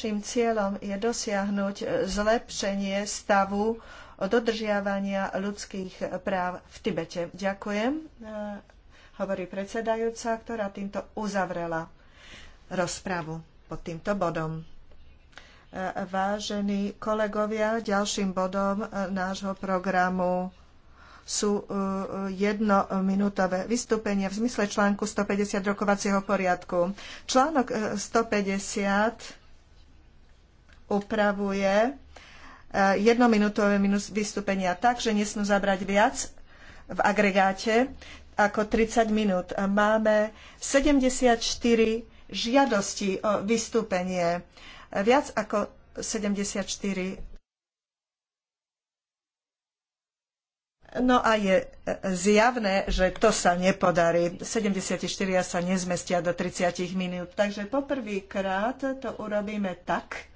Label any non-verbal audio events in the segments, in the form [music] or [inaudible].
čím cieľom je dosiahnuť zlepšenie stavu dodržiavania ľudských práv v Tibete. Ďakujem, eh, hovorí predsedajúca, ktorá týmto uzavrela rozpravu pod týmto bodom. Eh, vážení kolegovia, ďalším bodom eh, nášho programu sú jednominútové vystúpenia v zmysle článku 150 rokovacieho poriadku. Článok 150 upravuje eh, jednominútové vystúpenia tak, že nesmú zabrať viac v agregáte ako 30 minút. Máme 74 žiadosti o vystúpenie. Viac ako 74. No a je eh, zjavné, že to sa nepodarí. 74 sa nezmestia do 30 minút. Takže poprvýkrát to urobíme tak,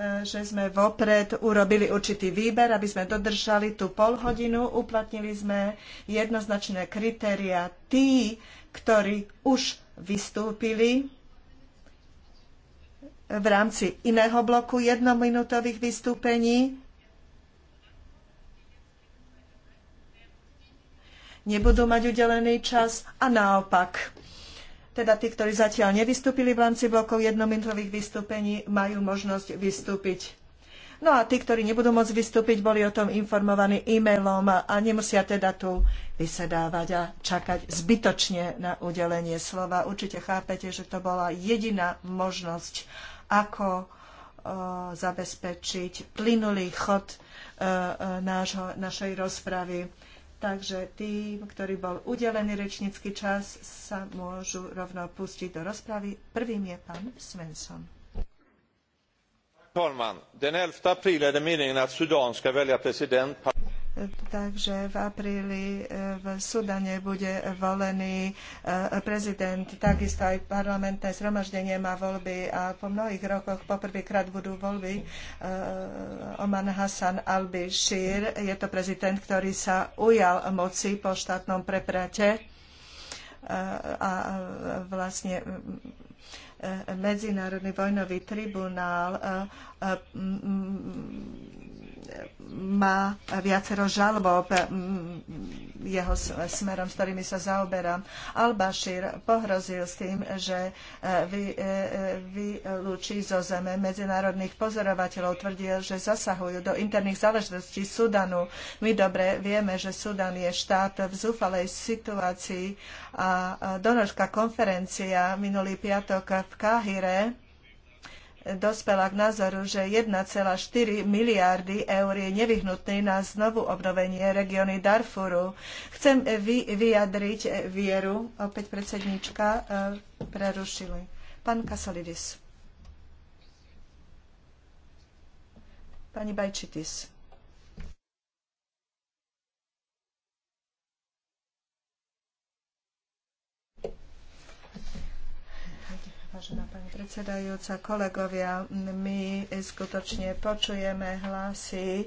Eh, že sme vopred urobili určitý výber, aby sme dodržali tú polhodinu. Uplatnili sme jednoznačné kritéria tí, ktorí už vystúpili v rámci iného bloku jednominútových vystúpení. Nebudú mať udelený čas a naopak teda tí, ktorí zatiaľ nevystúpili v rámci blokov jednominútových vystúpení, majú možnosť vystúpiť. No a tí, ktorí nebudú môcť vystúpiť, boli o tom informovaní e-mailom a nemusia teda tu vysedávať a čakať zbytočne na udelenie slova. Určite chápete, že to bola jediná možnosť, ako e, zabezpečiť plynulý chod e, e, nášho, našej rozpravy. Takže tým, ktorý bol udelený rečnícky čas, sa môžu rovno pustiť do rozpravy. Prvým je pán Svensson. Talman! Den 11 april är det meningen att Sudan ska välja president Takže v apríli e, v Sudane bude volený e, prezident, takisto aj parlamentné zhromaždenie má voľby a po mnohých rokoch poprvýkrát budú voľby. E, Oman Hassan al-Bashir je to prezident, ktorý sa ujal moci po štátnom preprate a vlastne Medzinárodný vojnový tribunál má viacero žalob mm, jeho smerom, s ktorými sa zaoberám. Al-Bashir pohrozil s tým, že e, e, e, vylúči zo zeme medzinárodných pozorovateľov. Tvrdil, že zasahujú do interných záležitostí Sudanu. My dobre vieme, že Sudan je štát v zúfalej situácii a donorská konferencia minulý piatok v Káhire dospela k názoru, že 1,4 miliardy eur je nevyhnutný na znovu obnovenie regióny Darfuru. Chcem eh, vyjadriť eh, vieru, opäť predsednička eh, prerušili. Pán Kasolidis. Pani Bajčitis. predsedajúca, kolegovia, my skutočne počujeme hlasy e,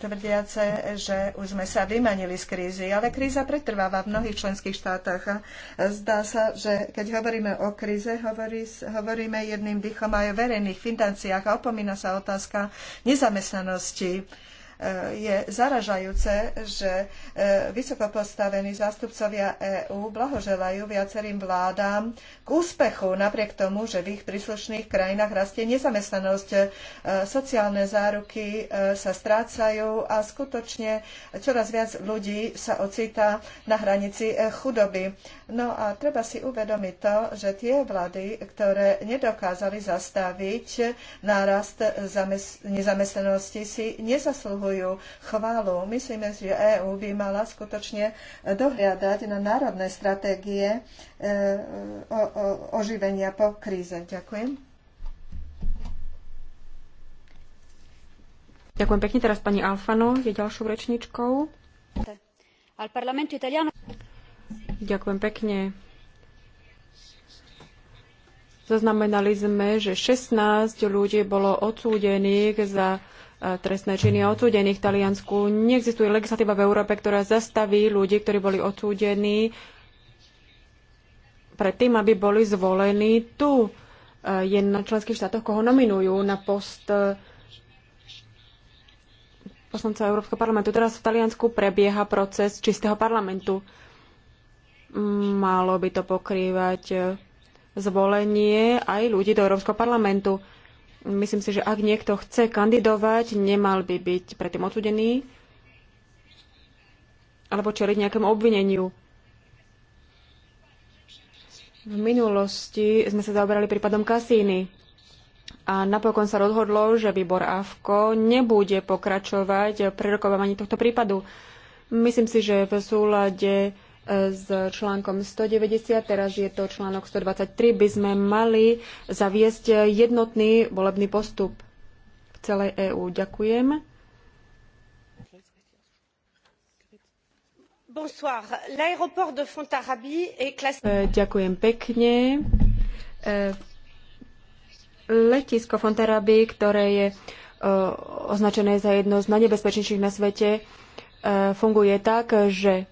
tvrdiace, že už sme sa vymanili z krízy, ale kríza pretrváva v mnohých členských štátoch. Zdá sa, že keď hovoríme o kríze, hovorí, hovoríme jedným dýchom aj o verejných financiách a opomína sa otázka nezamestnanosti je zaražajúce, že e, vysoko postavení zástupcovia EÚ blahoželajú viacerým vládám k úspechu, napriek tomu, že v ich príslušných krajinách rastie nezamestnanosť, e, sociálne záruky e, sa strácajú a skutočne čoraz viac ľudí sa ocitá na hranici chudoby. No a treba si uvedomiť to, že tie vlády, ktoré nedokázali zastaviť nárast nezamestnanosti, si nezaslúhujú svoju chválu. Myslíme si, že EÚ by mala skutočne e, dohliadať na národné stratégie e, oživenia po kríze. Ďakujem. Ďakujem pekne. Teraz pani Alfano je ďalšou rečničkou. Ďakujem pekne. Zaznamenali sme, že 16 ľudí bolo odsúdených za E, trestné činy odsúdených v Taliansku. Neexistuje legislatíva v Európe, ktorá zastaví ľudí, ktorí boli odsúdení predtým, aby boli zvolení tu. E, je na členských štátoch, koho nominujú na post e, poslanca Európskeho parlamentu. Teraz v Taliansku prebieha proces čistého parlamentu. Malo by to pokrývať zvolenie aj ľudí do Európskeho parlamentu. Myslím si, že ak niekto chce kandidovať, nemal by byť predtým odsudený alebo čeliť nejakému obvineniu. V minulosti sme sa zaoberali prípadom Kasíny a napokon sa rozhodlo, že výbor AFKO nebude pokračovať pri rokovaní tohto prípadu. Myslím si, že v súlade s článkom 190, teraz je to článok 123, by sme mali zaviesť jednotný volebný postup v celej EÚ. Ďakujem. E, ďakujem pekne. E, letisko Fontarabi, ktoré je e, označené za jedno z najnebezpečnejších na svete, funguje tak, že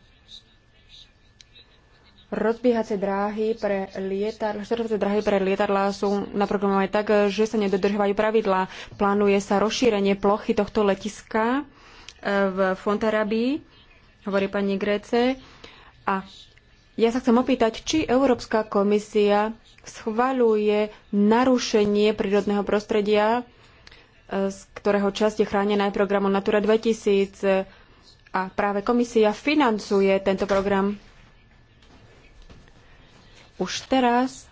Rozbiehacie dráhy pre lietadla, štartovacie dráhy pre lietadla sú naprogramované tak, že sa nedodržovajú pravidlá. Plánuje sa rozšírenie plochy tohto letiska e, v Fontarabí, hovorí pani Gréce. A ja sa chcem opýtať, či Európska komisia schvaľuje narušenie prírodného prostredia, e, z ktorého časť je chránená aj programom Natura 2000 a práve komisia financuje tento program už teraz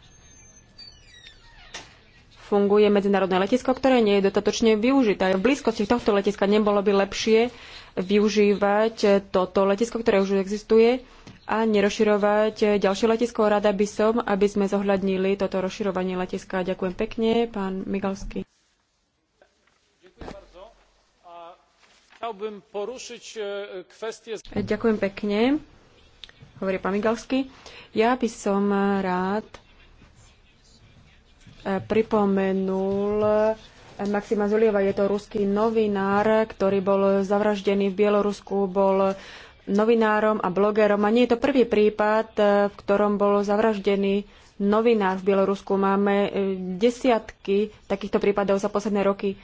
funguje medzinárodné letisko, ktoré nie je dostatočne využité. V blízkosti tohto letiska nebolo by lepšie využívať toto letisko, ktoré už existuje a nerozširovať ďalšie letisko. Rada by som, aby sme zohľadnili toto rozširovanie letiska. Ďakujem pekne, pán Migalský. E, Ďakujem pekne hovorí pán Migalsky. Ja by som rád eh, pripomenul eh, Maxima Zulieva. Je to ruský novinár, ktorý bol zavraždený v Bielorusku, bol novinárom a blogerom. A nie je to prvý prípad, eh, v ktorom bol zavraždený novinár v Bielorusku. Máme desiatky takýchto prípadov za posledné roky.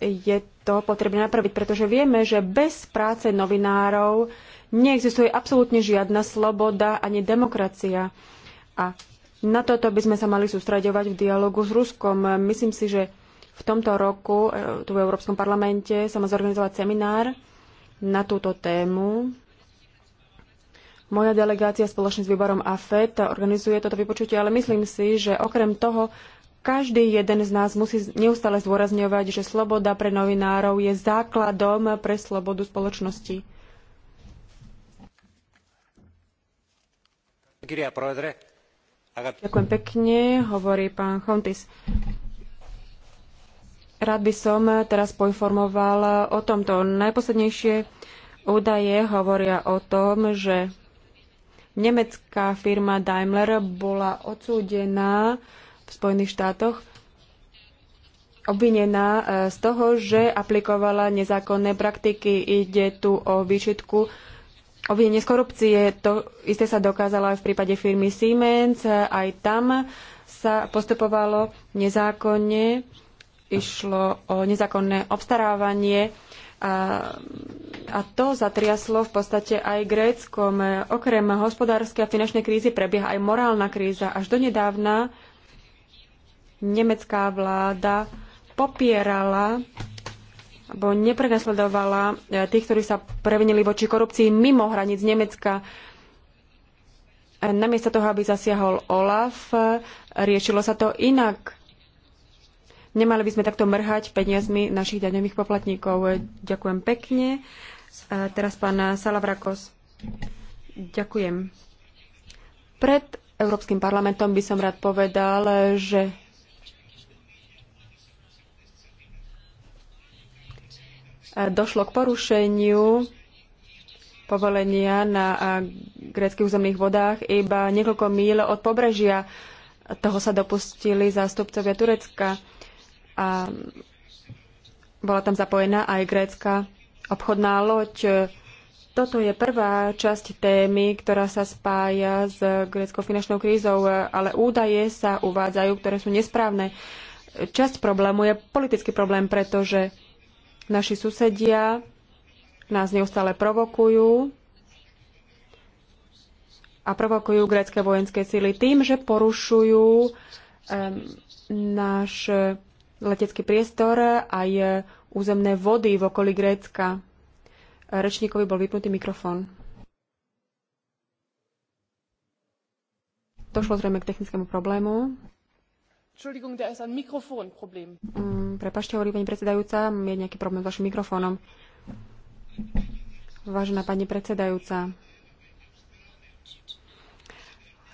Je to potrebné napraviť, pretože vieme, že bez práce novinárov neexistuje absolútne žiadna sloboda ani demokracia. A na toto by sme sa mali sústraďovať v dialogu s Ruskom. Myslím si, že v tomto roku e, tu v Európskom parlamente sa má zorganizovať seminár na túto tému. Moja delegácia spoločne s výborom AFET organizuje toto vypočutie, ale myslím si, že okrem toho každý jeden z nás musí neustále zdôrazňovať, že sloboda pre novinárov je základom pre slobodu spoločnosti. Ďakujem pekne, hovorí pán Rád by som teraz poinformoval o tomto. Najposlednejšie údaje hovoria o tom, že nemecká firma Daimler bola odsúdená v Spojených štátoch obvinená eh, z toho, že aplikovala nezákonné praktiky. Ide tu o výšitku obvinenie z korupcie. To isté sa dokázalo aj v prípade firmy Siemens. Aj tam sa postupovalo nezákonne. Išlo o nezákonné obstarávanie a, a to zatriaslo v podstate aj Gréckom. Okrem hospodárskej a finančnej krízy prebieha aj morálna kríza. Až donedávna nemecká vláda popierala alebo neprenasledovala e, tých, ktorí sa previnili voči korupcii mimo hraníc Nemecka. E, namiesto toho, aby zasiahol OLAF, e, riešilo sa to inak. Nemali by sme takto mrhať peniazmi našich daňových poplatníkov. Ďakujem pekne. Teraz pán Salavrakos. Ďakujem. Pred Európskym parlamentom by som rád povedal, že došlo k porušeniu povolenia na greckých územných vodách iba niekoľko míl od pobrežia. Toho sa dopustili zástupcovia Turecka a bola tam zapojená aj grécka obchodná loď. Toto je prvá časť témy, ktorá sa spája s greckou finančnou krízou, ale údaje sa uvádzajú, ktoré sú nesprávne. Časť problému je politický problém, pretože Naši susedia nás neustále provokujú a provokujú grecké vojenské sily tým, že porušujú um, náš letecký priestor aj územné vody v okolí Grécka. Rečníkovi bol vypnutý mikrofón. Došlo zrejme k technickému problému. Entschuldigung, da ist ein Mikrofonproblem. Mm, prepašte, hovorí pani predsedajúca, je nejaký problém s vašim mikrofónom. Vážená pani predsedajúca,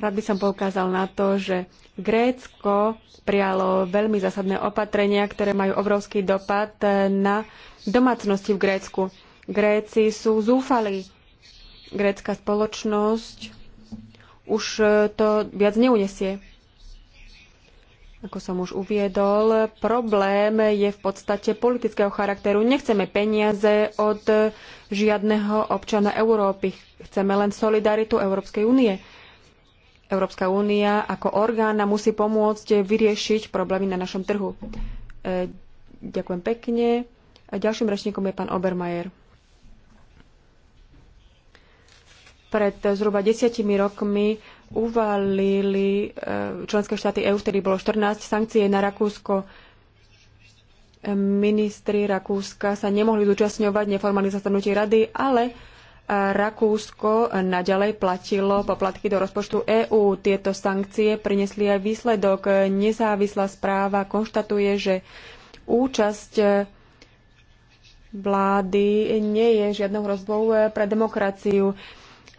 rád by som poukázal na to, že Grécko prijalo veľmi zásadné opatrenia, ktoré majú obrovský dopad na domácnosti v Grécku. Gréci sú zúfali. Grécka spoločnosť už to viac neunesie. Ako som už uviedol, problém je v podstate politického charakteru. Nechceme peniaze od žiadneho občana Európy. Chceme len solidaritu Európskej únie. Európska únia ako orgán musí pomôcť vyriešiť problémy na našom trhu. E, ďakujem pekne. A ďalším rečníkom je pán Obermajer. Pred zhruba desiatimi rokmi uvalili eh, členské štáty EÚ, vtedy bolo 14 sankcií na Rakúsko. Eh, ministri Rakúska sa nemohli zúčastňovať neformálnych zastanutí rady, ale eh, Rakúsko naďalej platilo poplatky do rozpočtu EÚ. Tieto sankcie priniesli aj výsledok. Nezávislá správa konštatuje, že účasť vlády nie je žiadnou hrozbou pre demokraciu.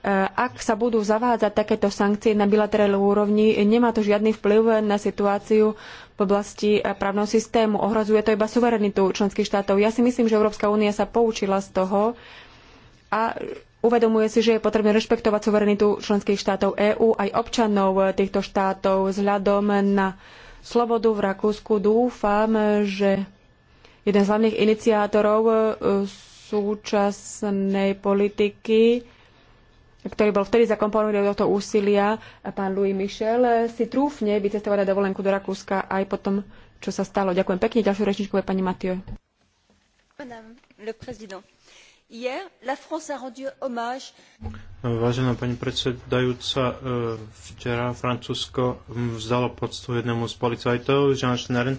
E, ak sa budú zavádzať takéto sankcie na bilaterálnej úrovni, nemá to žiadny vplyv na situáciu v oblasti e, právneho systému. Ohrozuje to iba suverenitu členských štátov. Ja si myslím, že Európska únia sa poučila z toho a uvedomuje si, že je potrebné rešpektovať suverenitu členských štátov EÚ aj občanov e, týchto štátov vzhľadom na slobodu v Rakúsku. Dúfam, že jeden z hlavných iniciátorov súčasnej politiky ktorý bol vtedy zakomponovaný do tohto úsilia, pán Louis Michel, eh, si trúfne vycestovať na dovolenku do Rakúska aj po tom, čo sa stalo. Ďakujem pekne. Ďalšiu rečničku je pani Mathieu. Vážená pani predsedajúca, eh, včera Francúzsko hm, vzdalo poctu jednému z policajtov, Jean Schnern,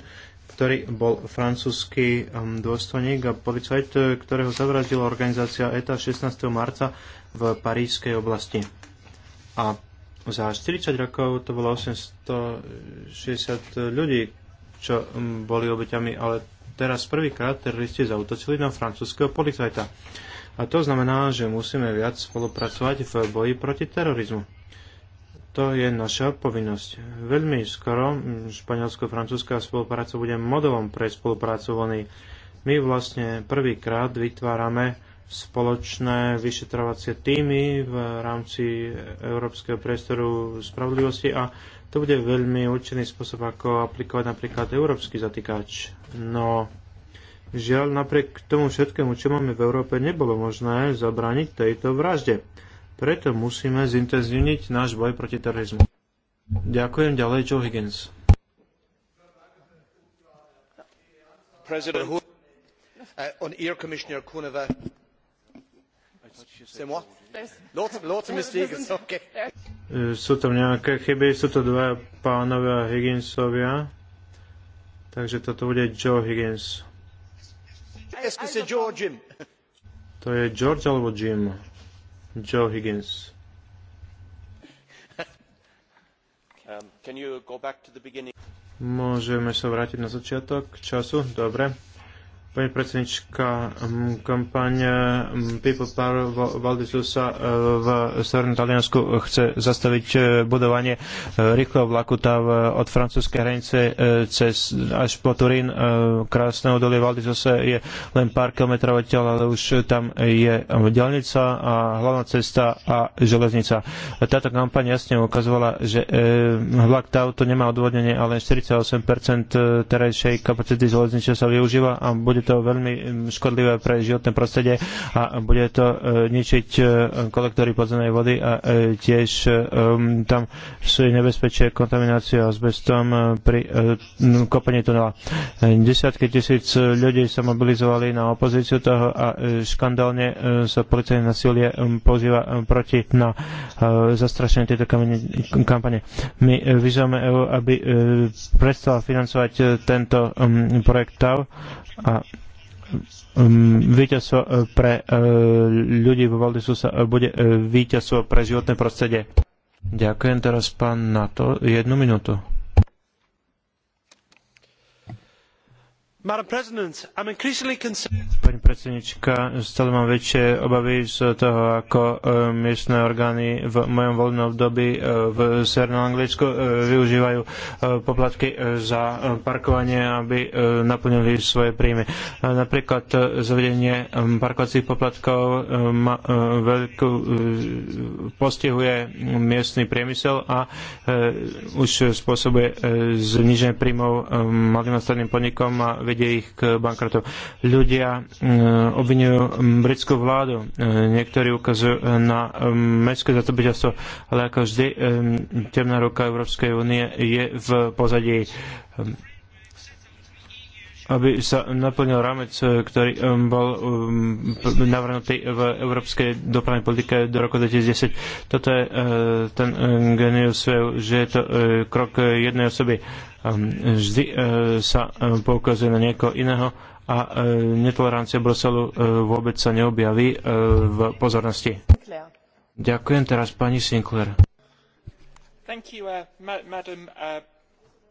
ktorý bol francúzsky hm, dôstojník a policajt, eh, ktorého zavraždila organizácia ETA 16. marca v parískej oblasti. A za 40 rokov to bolo 860 ľudí, čo boli obeťami, ale teraz prvýkrát teroristi zautočili na francúzského policajta. A to znamená, že musíme viac spolupracovať v boji proti terorizmu. To je naša povinnosť. Veľmi skoro španielsko-francúzska spolupráca bude modelom pre spoluprácu vlny. My vlastne prvýkrát vytvárame spoločné vyšetrovacie týmy v rámci Európskeho priestoru spravodlivosti a to bude veľmi účinný spôsob, ako aplikovať napríklad európsky zatýkač. No, žiaľ, napriek tomu všetkému, čo máme v Európe, nebolo možné zabrániť tejto vražde. Preto musíme zintenzívniť náš boj proti terorizmu. Ďakujem ďalej, Joe Higgins. President, uh, on Air Commissioner Kuneva C'est c'est moi. L'autre, mystique, [laughs] ok. Euh, sú tam nejaké chyby, sú to dva pánovia Higginsovia. Takže toto bude Joe Higgins. [laughs] To je George alebo Jim? Joe Higgins. [laughs] Um, Môžeme sa vrátiť na začiatok času? Dobre. Pani predsednička, kampaň People Power Valdisusa e, v Severnom Taliansku chce zastaviť e, budovanie e, rýchleho vlaku tam od francúzskej hranice cez až po Turín. Krásne odolie Valdisusa je len pár kilometrov odtiaľ, ale už tam je dielnica a hlavná cesta a železnica. Táto kampaň jasne ukazovala, že vlak TAV to nemá odvodnenie, ale 48% terajšej kapacity železnice sa využíva a bude to veľmi mm, škodlivé pre životné prostredie a bude to e, ničiť e, kolektory podzemnej vody a e, tiež tam sú nebezpečie kontaminácie e, pri kopení tunela. Desiatky tisíc ľudí sa mobilizovali na opozíciu toho a škandálne sa policajné nasilie používa proti na zastrašenie tejto kampane. My vyzývame EU, aby prestala financovať tento projekt TAV a um, víťazstvo eh, pre eh, ľudí vo Valdisu sa eh, bude víťazstvo pre životné prostredie. Ďakujem teraz pán na to Jednu minútu. Pani predsednička, stále mám väčšie obavy z toho, ako e, miestne orgány v mojom voľnom období e, v Severnom Anglicku e, využívajú poplatky za parkovanie, aby naplnili svoje príjmy. Napríklad zavedenie parkovacích poplatkov veľkú postihuje miestny priemysel a už spôsobuje zniženie príjmov malým a stredným podnikom a vedie vedie ich k bankrotu. Ľudia e, obvinujú britskú vládu, e, niektorí ukazujú e, na mestské zastupiteľstvo, ale ako vždy temná ruka Európskej únie je v pozadí aby sa naplnil rámec, ktorý bol navrhnutý v európskej dopravnej politike do roku 2010. Toto je ten genius, že je to krok jednej osoby vždy e, sa e, poukazuje na niekoho iného a e, netolerancia Bruselu vôbec sa neobjaví v pozornosti. Ďakujem teraz pani Sinclair. Thank you, uh, ma- madam uh,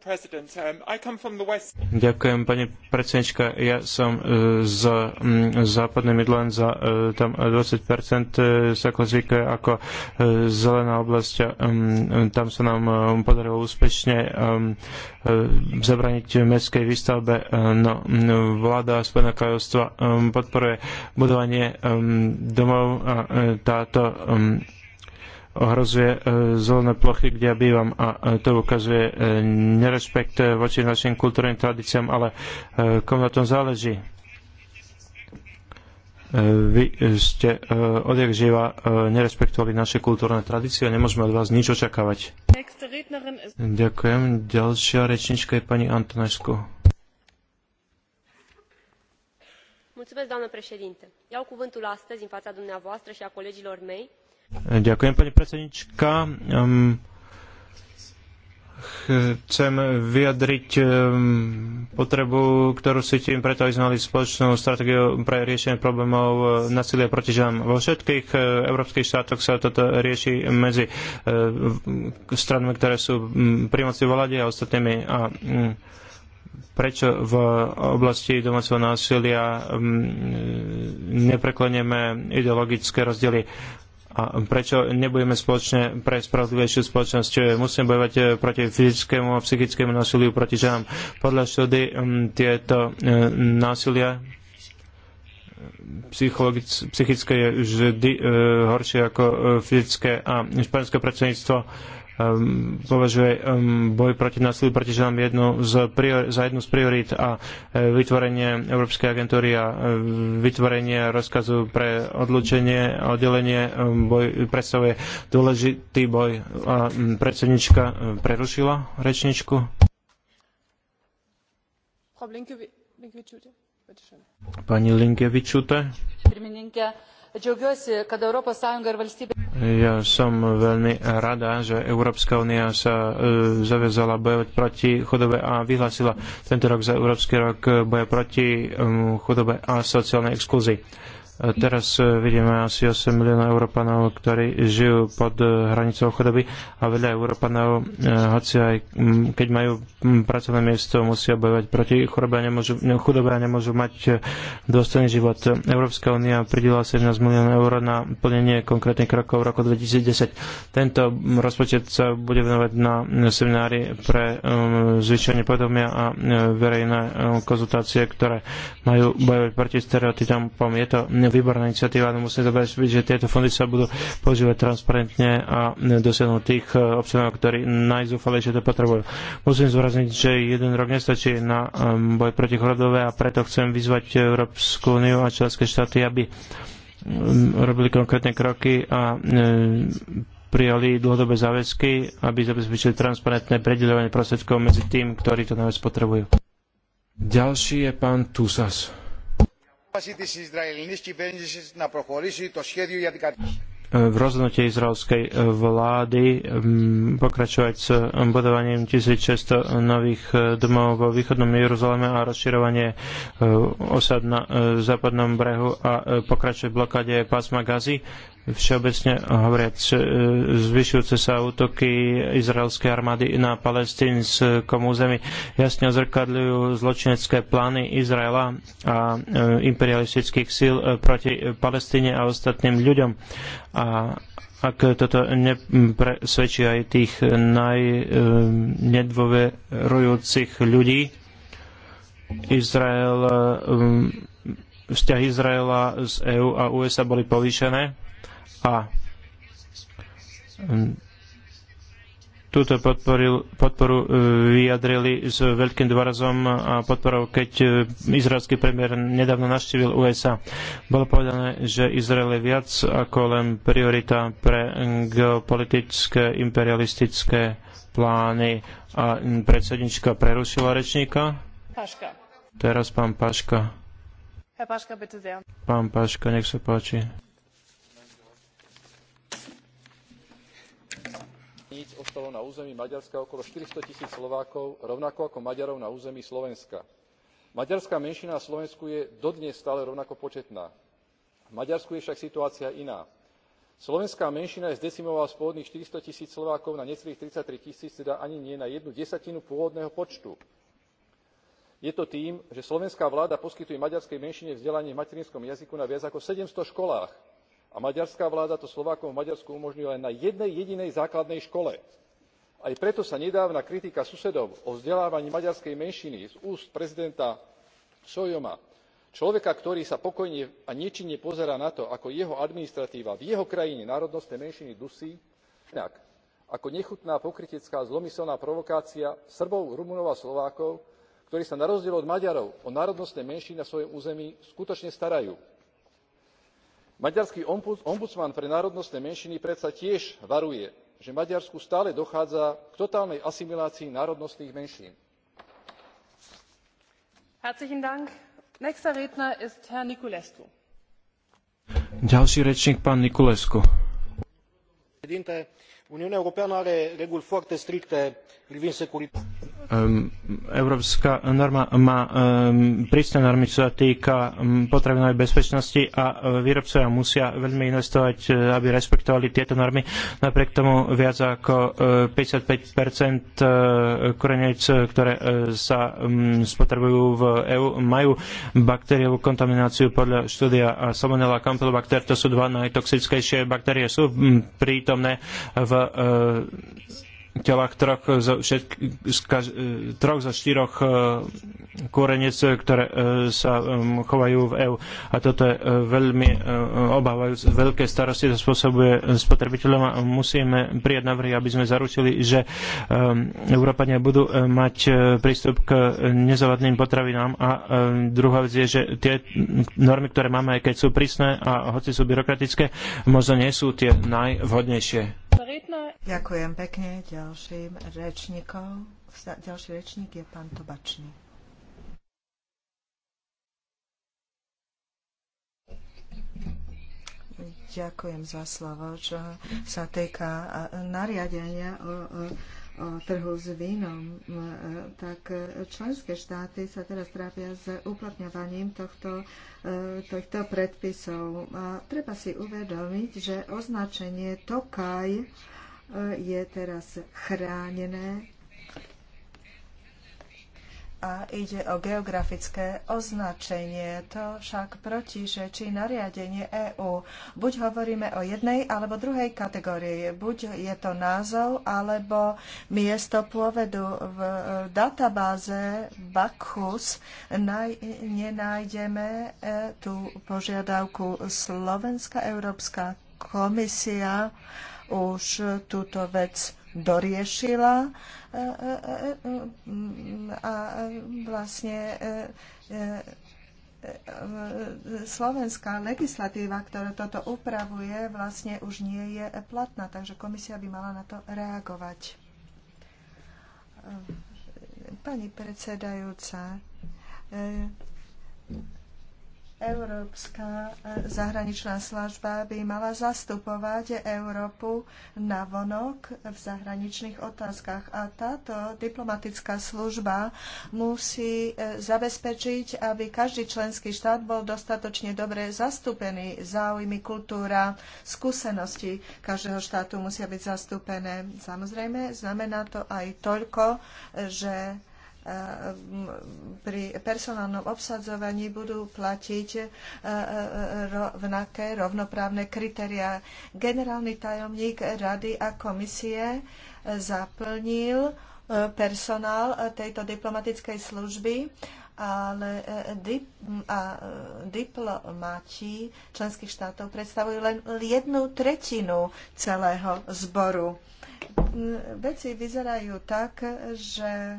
Um, Ďakujem, pani predsednička. Ja som e, z západnej Midland, za e, tam 20% e, sa klasifikuje ako zelená oblasť. Tam sa nám podarilo úspešne zabraniť mestskej výstavbe. No, vláda Spojeného kráľovstva podporuje budovanie domov a táto ohrozuje e, zelené plochy, kde ja bývam a e, to ukazuje e, nerespekt voči našim kultúrnym tradíciám, ale komu na tom záleží. Vy ste odjak živa nerespektovali naše kultúrne tradície a nemôžeme od vás nič očakávať. Ďakujem. Ďalšia rečnička je pani Antonescu. Mulțumesc, doamnă președinte. Iau cuvântul astăzi în fața dumneavoastră și a colegilor mei Ďakujem, pani predsednička. Ehm, chcem vyjadriť ehm, potrebu, ktorú si tým preto, aby sme mali spoločnú stratégiu pre riešenie problémov e, nasilia proti ženám. Vo všetkých e, európskych štátoch sa toto rieši medzi e, stranami, ktoré sú pri moci vláde a ostatnými. A, prečo v oblasti domáceho násilia nepreklenieme ideologické rozdiely. A prečo nebudeme spoločne pre spravodlivejšiu spoločnosť? E, musíme bojovať e, proti fyzickému a psychickému násiliu proti ženám. Podľa štúdy tieto e, násilia psychické je vždy e, horšie ako e, fyzické a španielské predsedníctvo e, Ehm, považuje ehm, boj proti násiliu proti ženám jednu z prior- za jednu z priorít a e, vytvorenie Európskej agentúry a e, vytvorenie rozkazu pre odlučenie a oddelenie ehm, boj predstavuje dôležitý boj. A predsednička e, prerušila rečničku. Problem, Blinke, Pani Linkevičiūtė. Pirmininkė, džiaugiuosi, kad ir valstybė. Ja som veľmi rada, že Európska únia sa e, zaviazala bojovať proti chudobe a vyhlásila tento rok za Európsky rok boja proti e, chudobe a sociálnej exkluzii Teraz e, vidíme asi 8 miliónov Európanov, ktorí žijú pod e, hranicou chudoby a veľa Európanov, e, hoci aj keď majú pracovné miesto, musia bojovať proti chudobe a nemôžu, no, chudobe a nemôžu mať dôstojný život. Európska únia pridila 17 miliónov eur na plnenie konkrétnych krokov v roku 2010. Tento rozpočet sa bude venovať na seminári pre zvyšenie podobia a verejné konzultácie, ktoré majú bojovať proti stereotypom. Je to výborná iniciatíva, no musíme zabezpečiť, že tieto fondy sa budú používať transparentne a dosiahnuť tých e, občanov, ktorí najzúfalejšie to potrebujú. Musím zúrazniť, že jeden rok nestačí na boj proti chorobové a preto chcem vyzvať Európsku úniu a členské štáty, aby robili konkrétne kroky a prijali dlhodobé záväzky, aby zabezpečili transparentné predeľovanie prostredkov medzi tým, ktorí to najviac potrebujú. Ďalší je pán Tusas v rozhodnutí izraelskej vlády hm, pokračovať s hm, budovaním 1600 nových e, domov vo východnom Jeruzaleme a rozširovanie e, osad na e, západnom brehu a pokračovať v blokade pásma Gazy všeobecne hovoriac e, zvyšujúce sa útoky izraelskej armády na palestínskom území jasne ozrkadľujú zločinecké plány Izraela a e, imperialistických síl e, proti Palestíne a ostatným ľuďom. A ak toto nepresvedčí aj tých najnedôverujúcich ľudí, Izrael, vzťah Izraela z EÚ a USA boli povýšené a túto podporil, podporu e, vyjadrili s veľkým dôrazom a podporou, keď e, izraelský premiér nedávno navštívil USA. Bolo povedané, že Izrael je viac ako len priorita pre geopolitické, imperialistické plány. A predsednička prerušila rečníka. Paška. Teraz pán Paška. Pán Paška, nech sa páči. hraníc ostalo na území maďarska okolo four hundred tisíc slovákov rovnako ako maďarov na území slovenska. maďarská menšina na slovensku je dodnes stále rovnako početná. v maďarsku je však situácia iná. slovenská menšina je zdecimovala z pôvodných four hundred tisíc slovákov na necelých thirty three tisíc teda ani nie na jednu desatinu pôvodného počtu. je to tým že slovenská vláda poskytuje maďarskej menšine vzdelanie v materinskom jazyku na viac ako seven hundred školách a maďarská vláda to slovákom v maďarsku umožňuje len na jednej jedinej základnej škole. aj preto sa nedávna kritika susedov o vzdelávaní maďarskej menšiny z úst prezidenta sólyoma človeka ktorý sa pokojne a nečinne pozerá na to ako jeho administratíva v jeho krajine národnostné menšiny dusí inak ako nechutná pokrytecká zlomyselná provokácia srbov rumunov a slovákov ktorí sa na rozdiel od maďarov o národnostné menšiny na svojom území skutočne starajú maďarský ombudsman pre národnostné menšiny predsa tiež varuje že v maďarsku stále dochádza k totálnej asimilácii národnostných menšín. uniunea europeană are reguli foarte stricte privind securitatea. Ehm, európska norma má ehm, prísne normy, čo sa týka ehm, potravinovej bezpečnosti a e, výrobcovia musia veľmi investovať, e, aby respektovali tieto normy. Napriek tomu viac ako 55 e, koreniec, ktoré sa spotrebujú v EÚ, majú bakteriovú kontamináciu podľa štúdia Salmonella Campylobacter. To sú dva najtoxickejšie baktérie, sú prítomné v telách troch zo, všetk, z, kaž, e, troch zo štyroch e, kúrenec, ktoré e, sa chovajú v EÚ. A toto je veľmi obávajúce, veľké starosti, to spôsobuje spotrebiteľom a musíme prijať návrhy, aby sme zaručili, že Európania budú mať prístup k nezávadným potravinám a druhá vec je, že tie normy, ktoré máme, aj keď sú prísne a hoci sú byrokratické, možno nie sú tie najvhodnejšie. Ďakujem pekne ďalším rečníkom. Ďalší rečník je pán Tobačný. Ďakujem za slovo, čo sa týka eh, nariadenia o, o trhu s vínom, e, tak e, členské štáty sa teraz trápia s uplatňovaním tohto, e, tohto predpisov. A treba si uvedomiť, že označenie Tokaj je teraz chránené a ide o geografické označenie. To však protižečí nariadenie EÚ. Buď hovoríme o jednej alebo druhej kategórii. Buď je to názov alebo miesto pôvedu v e, databáze Bacchus. Naj, nenájdeme e, tú požiadavku Slovenská Európska komisia už túto vec doriešila e, e, e, a vlastne slovenská legislatíva, ktorá toto upravuje, vlastne už nie je platná, takže komisia by mala na to reagovať. Pani predsedajúca, Európska e, zahraničná služba by mala zastupovať Európu na vonok v zahraničných otázkach. A táto diplomatická služba musí e, zabezpečiť, aby každý členský štát bol dostatočne dobre zastúpený. Záujmy, kultúra, skúsenosti každého štátu musia byť zastúpené. Samozrejme, znamená to aj toľko, e, že E, pri personálnom obsadzovaní budú platiť e, e, rovnaké, rovnoprávne kritéria. Generálny tajomník Rady a komisie zaplnil personál tejto diplomatickej služby ale a diplomati členských štátov predstavujú len jednu tretinu celého zboru. Veci vyzerajú tak, že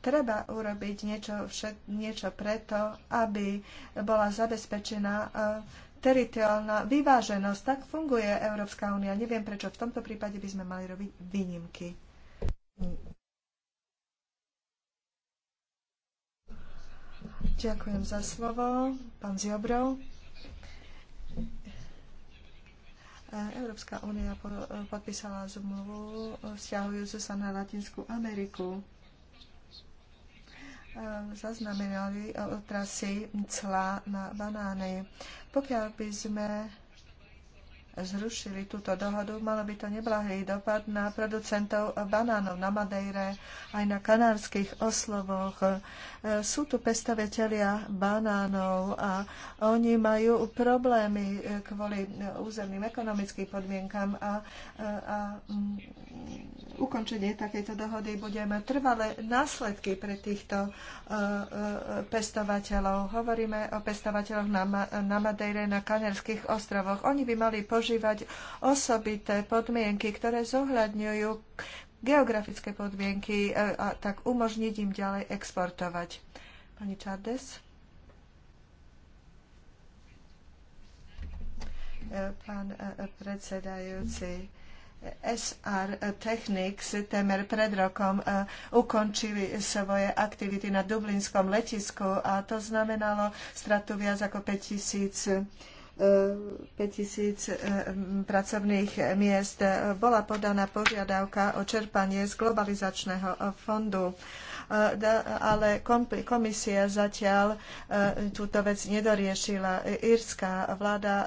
treba urobiť niečo, všet, niečo preto, aby bola zabezpečená e, teritoriálna vyváženosť. Tak funguje Európska únia. Neviem, prečo v tomto prípade by sme mali robiť výnimky. Ďakujem za slovo. Pán Ziobrov. Európska únia podpísala zmluvu vzťahujúcu sa na Latinskú Ameriku zaznamenali otrasy cla na banány. Pokiaľ by sme zrušili túto dohodu, malo by to neblahý dopad na producentov banánov na Madejre, aj na kanárskych oslovoch. E, sú tu pestovateľia banánov a oni majú problémy e, kvôli územným ekonomickým podmienkam a, e, a mm, ukončenie takejto dohody bude mať trvalé následky pre týchto pestovateľov. Hovoríme o pestovateľoch na, na Madejre, na Kanárskych ostrovoch. Oni by mali požiť zažívať osobité podmienky, ktoré zohľadňujú geografické podmienky e, a tak umožniť im ďalej exportovať. Pani Čardes? E, pán e, predsedajúci, SR Technics temer pred rokom ukončili svoje aktivity na Dublinskom letisku a to znamenalo stratu viac ako 5000 5000 eh, pracovných miest. Bola podaná požiadavka o čerpanie z globalizačného eh, fondu, eh, ale komisia zatiaľ túto vec nedoriešila. Írska vláda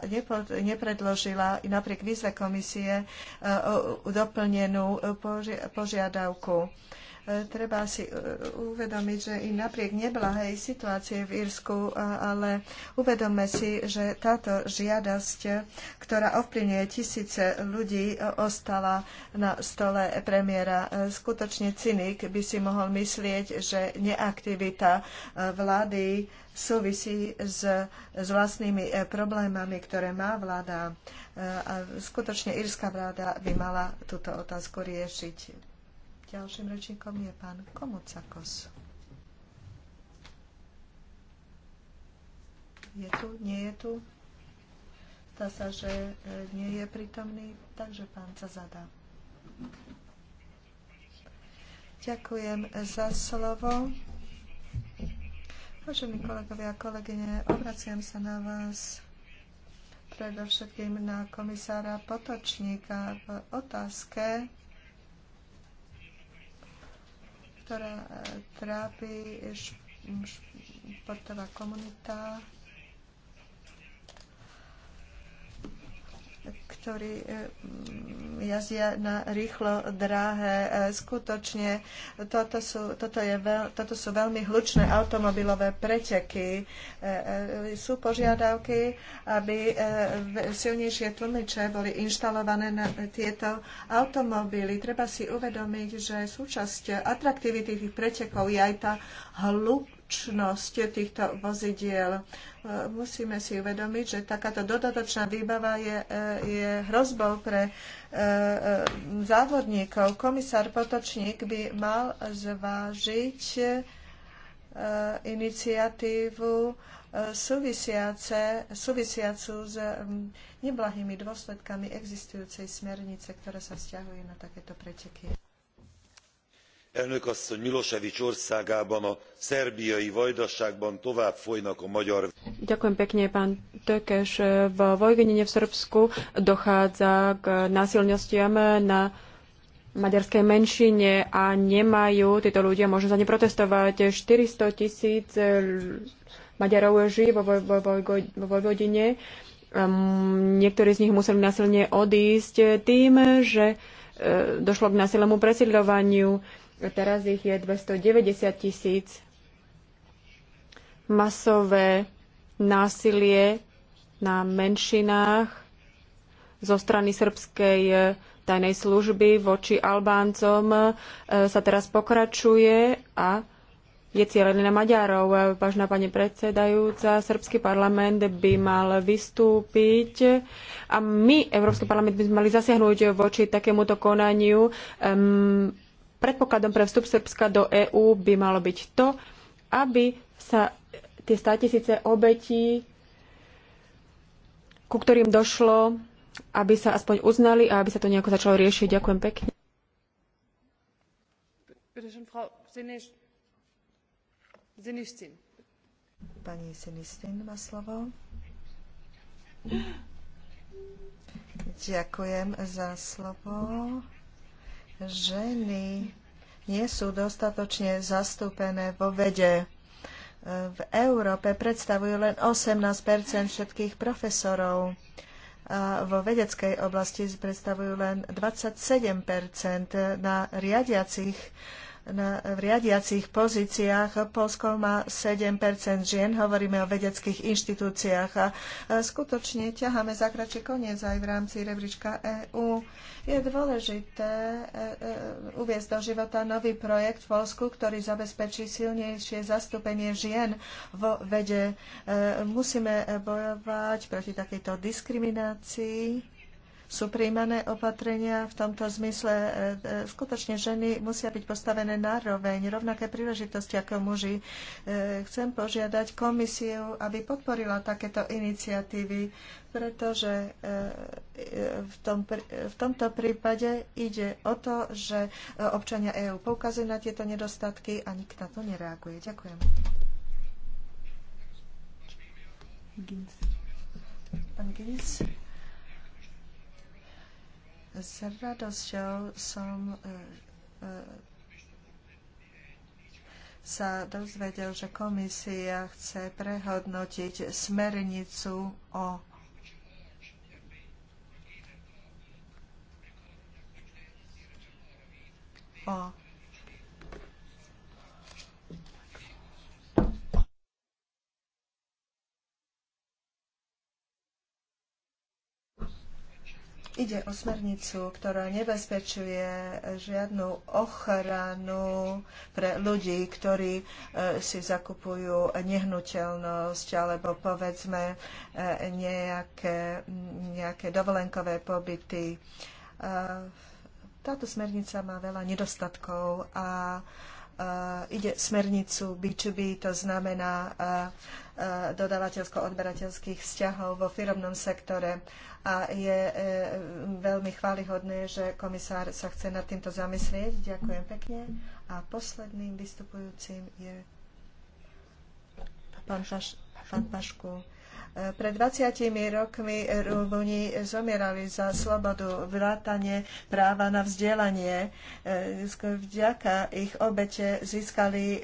nepredložila napriek výzve komisie doplnenú požiadavku treba si e, uvedomiť, že i napriek neblahej situácie v Írsku, ale uvedome si, že táto žiadosť, ktorá ovplyvňuje tisíce ľudí, e, ostala na stole premiéra. E, skutočne cynik by si mohol myslieť, že neaktivita vlády súvisí s, s vlastnými problémami, ktoré má vláda. A skutočne írska vláda by mala túto otázku riešiť. Ďalším rečníkom je pán Komocakos. Je tu? Nie je tu? Zdá sa, že e, nie je prítomný, takže pán sa zadá. Ďakujem e, za slovo. Vážení kolegovia a kolegyne, obraciam sa na vás predovšetkým na komisára Potočníka v otázke ktorá eh, trápi športová komunita ktorí e, mm, jazdia na rýchlo dráhe. E, skutočne toto sú, toto, je veľ, toto sú veľmi hlučné automobilové preteky. E, sú požiadavky, aby silnejšie tlmiče boli inštalované na tieto automobily. Treba si uvedomiť, že súčasť atraktivity tých pretekov je aj tá hlu, funkčnosť týchto vozidiel. E, musíme si uvedomiť, že takáto dodatočná výbava je, e, je hrozbou pre e, závodníkov. Komisár Potočník by mal zvážiť iniciatívu súvisiace, súvisiacu s neblahými dôsledkami existujúcej smernice, ktoré sa vzťahujú na takéto preteky elnök asszony milosevic országában a szerbiai vajdaságban tovább folynak a magyar. Ďakujem pekne, pán Tökeš. V Vojvodine v Srbsku dochádza k násilnostiam na maďarskej menšine a nemajú títo ľudia možnosť ani protestovať. 400 tisíc Maďarov vo, vo, vo, vo Vojvodine. Ehm, niektorí z nich museli násilne odísť tým, že e, došlo k násilnému presídľovaniu Teraz ich je 290 tisíc. Masové násilie na menšinách zo strany srbskej e, tajnej služby voči Albáncom e, sa teraz pokračuje a je cieľený na Maďarov. Vážna pani predsedajúca, Srbský parlament by mal vystúpiť a my, Európsky parlament, by sme mali zasiahnuť voči takémuto konaniu. Um, Predpokladom pre vstup Srbska do EÚ by malo byť to, aby sa tie státisíce obetí, ku ktorým došlo, aby sa aspoň uznali a aby sa to nejako začalo riešiť. Ďakujem pekne. Pani Sinistin má slovo. [gasps] Ďakujem za slovo ženy nie sú dostatočne zastúpené vo vede. E, v Európe predstavujú len 18 všetkých profesorov a vo vedeckej oblasti predstavujú len 27 na riadiacich na, v riadiacich pozíciách. Polsko má 7 žien, hovoríme o vedeckých inštitúciách a skutočne ťaháme za kračí koniec aj v rámci rebríčka EÚ. Je dôležité e, e, uviezť do života nový projekt v Polsku, ktorý zabezpečí silnejšie zastúpenie žien vo vede. E, musíme bojovať proti takejto diskriminácii sú príjmané opatrenia v tomto zmysle. E, e, skutočne ženy musia byť postavené na roveň, rovnaké príležitosti ako muži. E, chcem požiadať komisiu, aby podporila takéto iniciatívy, pretože v, tom, v tomto prípade ide o to, že občania EÚ poukazujú na tieto nedostatky a nikto na to nereaguje. Ďakujem. Pán Gins. S radosťou som e, e, sa dozvedel, že komisia chce prehodnotiť smernicu o o Ide o smernicu, ktorá nebezpečuje žiadnu ochranu pre ľudí, ktorí e, si zakupujú nehnuteľnosť alebo povedzme e, nejaké, nejaké dovolenkové pobyty. E, táto smernica má veľa nedostatkov a E, ide smernicu B2B, to znamená e, e, dodavateľsko-odberateľských vzťahov vo firmnom sektore. A je veľmi chválihodné, že komisár sa chce nad týmto zamyslieť. Ďakujem pekne. A posledným vystupujúcim je pán, Paš, pán Pašku. Pred 20 rokmi Rumúni zomierali za slobodu, vrátanie práva na vzdelanie. E, vďaka ich obete získali e,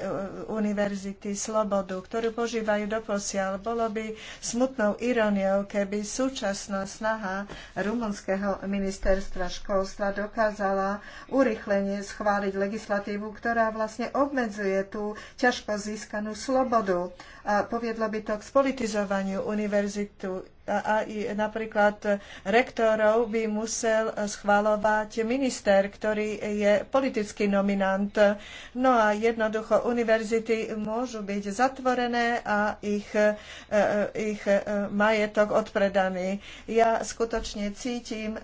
univerzity slobodu, ktorú požívajú posiaľ. Bolo by smutnou iróniou, keby súčasná snaha rumunského ministerstva školstva dokázala urychlenie schváliť legislatívu, ktorá vlastne obmedzuje tú ťažko získanú slobodu a poviedlo by to k spolitizovaniu univerzitu a napríklad rektorov by musel schvalovať minister, ktorý je politický nominant. No a jednoducho univerzity môžu byť zatvorené a ich, e, e, ich e, majetok odpredaný. Ja skutočne cítim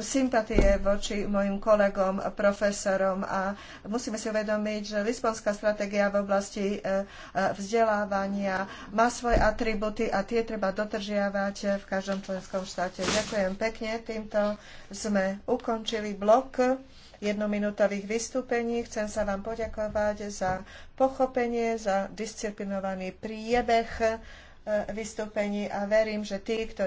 sympatie voči mojim kolegom, profesorom a musíme si uvedomiť, že Lisbonská stratégia v oblasti vzdelávania má svoje atributy a tie treba dodržiavať v každom členskom štáte. Ďakujem pekne. Týmto sme ukončili blok jednominútových vystúpení. Chcem sa vám poďakovať za pochopenie, za disciplinovaný priebeh e, vystúpení a verím, že tí, ktorí